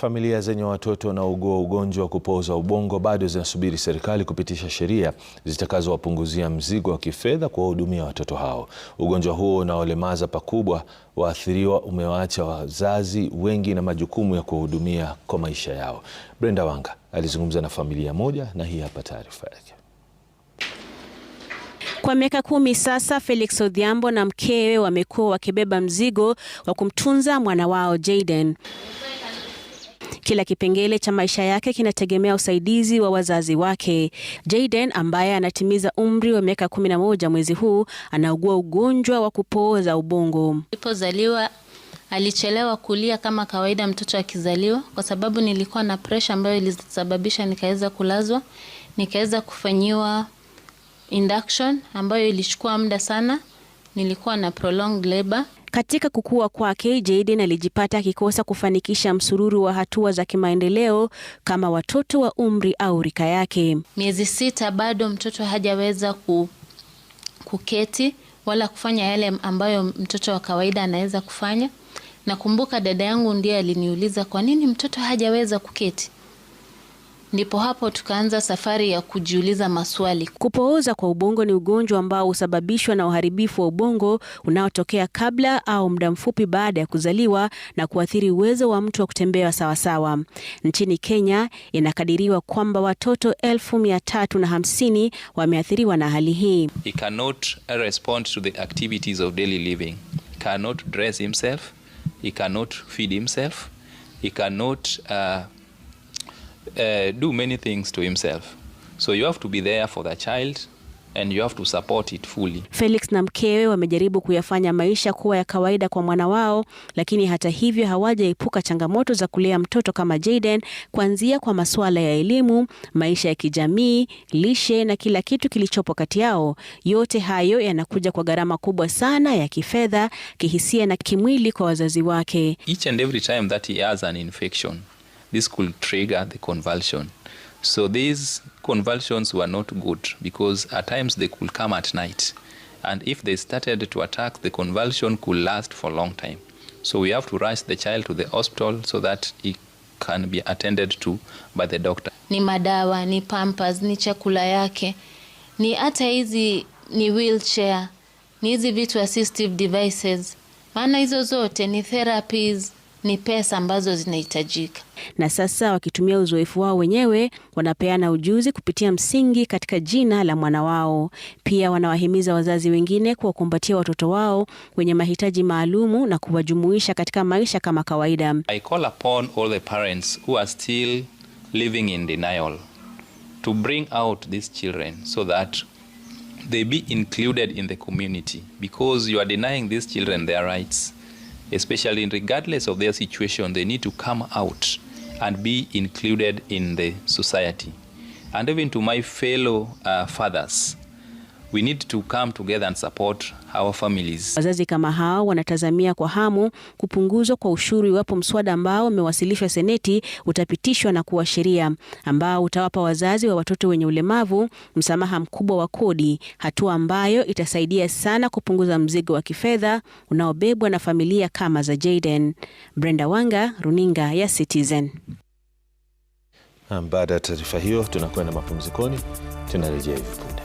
Familia zenye watoto wanaougua ugonjwa wa kupooza ubongo bado zinasubiri serikali kupitisha sheria zitakazowapunguzia mzigo wa kifedha kuwahudumia watoto hao. Ugonjwa huo unaolemaza pakubwa waathiriwa umewaacha wazazi wengi na majukumu ya kuwahudumia kwa maisha yao. Brenda Wanga alizungumza na familia moja na hii hapa taarifa yake. Kwa miaka kumi sasa, Felix Odhiambo na mkewe wamekuwa wakibeba mzigo wa kumtunza mwana wao Jayden. Kila kipengele cha maisha yake kinategemea usaidizi wa wazazi wake. Jayden ambaye anatimiza umri wa miaka moja mwezi huu anaugua ugonjwa wa kupooza ubongo. Alipozaliwa alichelewa kulia kama kawaida mtoto akizaliwa, kwa sababu nilikuwa na presha ambayo ilisababisha nikaweza kulazwa, nikaweza kufanyiwa induction ambayo ilichukua muda sana. Nilikuwa na prolonged labor. Katika kukua kwake, Jayden alijipata akikosa kufanikisha msururu wa hatua za kimaendeleo kama watoto wa umri au rika yake. Miezi sita bado mtoto hajaweza ku, kuketi wala kufanya yale ambayo mtoto wa kawaida anaweza kufanya. Nakumbuka dada yangu ndiye aliniuliza kwa nini mtoto hajaweza kuketi. Ndipo hapo tukaanza safari ya kujiuliza maswali. Kupooza kwa ubongo ni ugonjwa ambao husababishwa na uharibifu wa ubongo unaotokea kabla au muda mfupi baada ya kuzaliwa na kuathiri uwezo wa mtu wa kutembea sawasawa. Nchini Kenya inakadiriwa kwamba watoto elfu mia tatu na hamsini wameathiriwa na hali hii. He cannot respond to the activities of daily living. He cannot dress himself. He cannot feed himself. He cannot, uh uh, do many things to himself. So you have to be there for the child and you have to support it fully. Felix na mkewe wamejaribu kuyafanya maisha kuwa ya kawaida kwa mwana wao, lakini hata hivyo hawajaepuka changamoto za kulea mtoto kama Jayden, kuanzia kwa masuala ya elimu, maisha ya kijamii, lishe na kila kitu kilichopo kati yao. Yote hayo yanakuja kwa gharama kubwa sana ya kifedha, kihisia na kimwili kwa wazazi wake. Each and every time that he has an infection this could trigger the convulsion. So these convulsions were not good because at times they could come at night. And if they started to attack, the convulsion could last for a long time. So we have to rush the child to the hospital so that he can be attended to by the doctor. Ni madawa, ni pampers, ni chakula yake, ni hata hizi ni wheelchair, ni hizi vitu assistive devices, maana hizo zote ni therapies ni pesa ambazo zinahitajika. Na sasa wakitumia uzoefu wao wenyewe, wanapeana ujuzi kupitia msingi katika jina la mwana wao. Pia wanawahimiza wazazi wengine kuwakumbatia watoto wao wenye mahitaji maalumu na kuwajumuisha katika maisha kama kawaida. I call upon all the parents who are still living in denial to bring out these children so that they be included in the community because you are denying these children their rights especially in regardless of their situation, they need to come out and be included in the society. And even to my fellow uh, fathers, We need to come together and support our families. Wazazi kama hao wanatazamia kwa hamu kupunguzwa kwa ushuru iwapo mswada ambao umewasilishwa Seneti utapitishwa na kuwa sheria, ambao utawapa wazazi wa watoto wenye ulemavu msamaha mkubwa wa kodi, hatua ambayo itasaidia sana kupunguza mzigo wa kifedha unaobebwa na familia kama za Jayden. Brenda Wanga, Runinga ya Citizen. Baada ya taarifa hiyo, tunakwenda mapumzikoni, tunarejea hivi punde.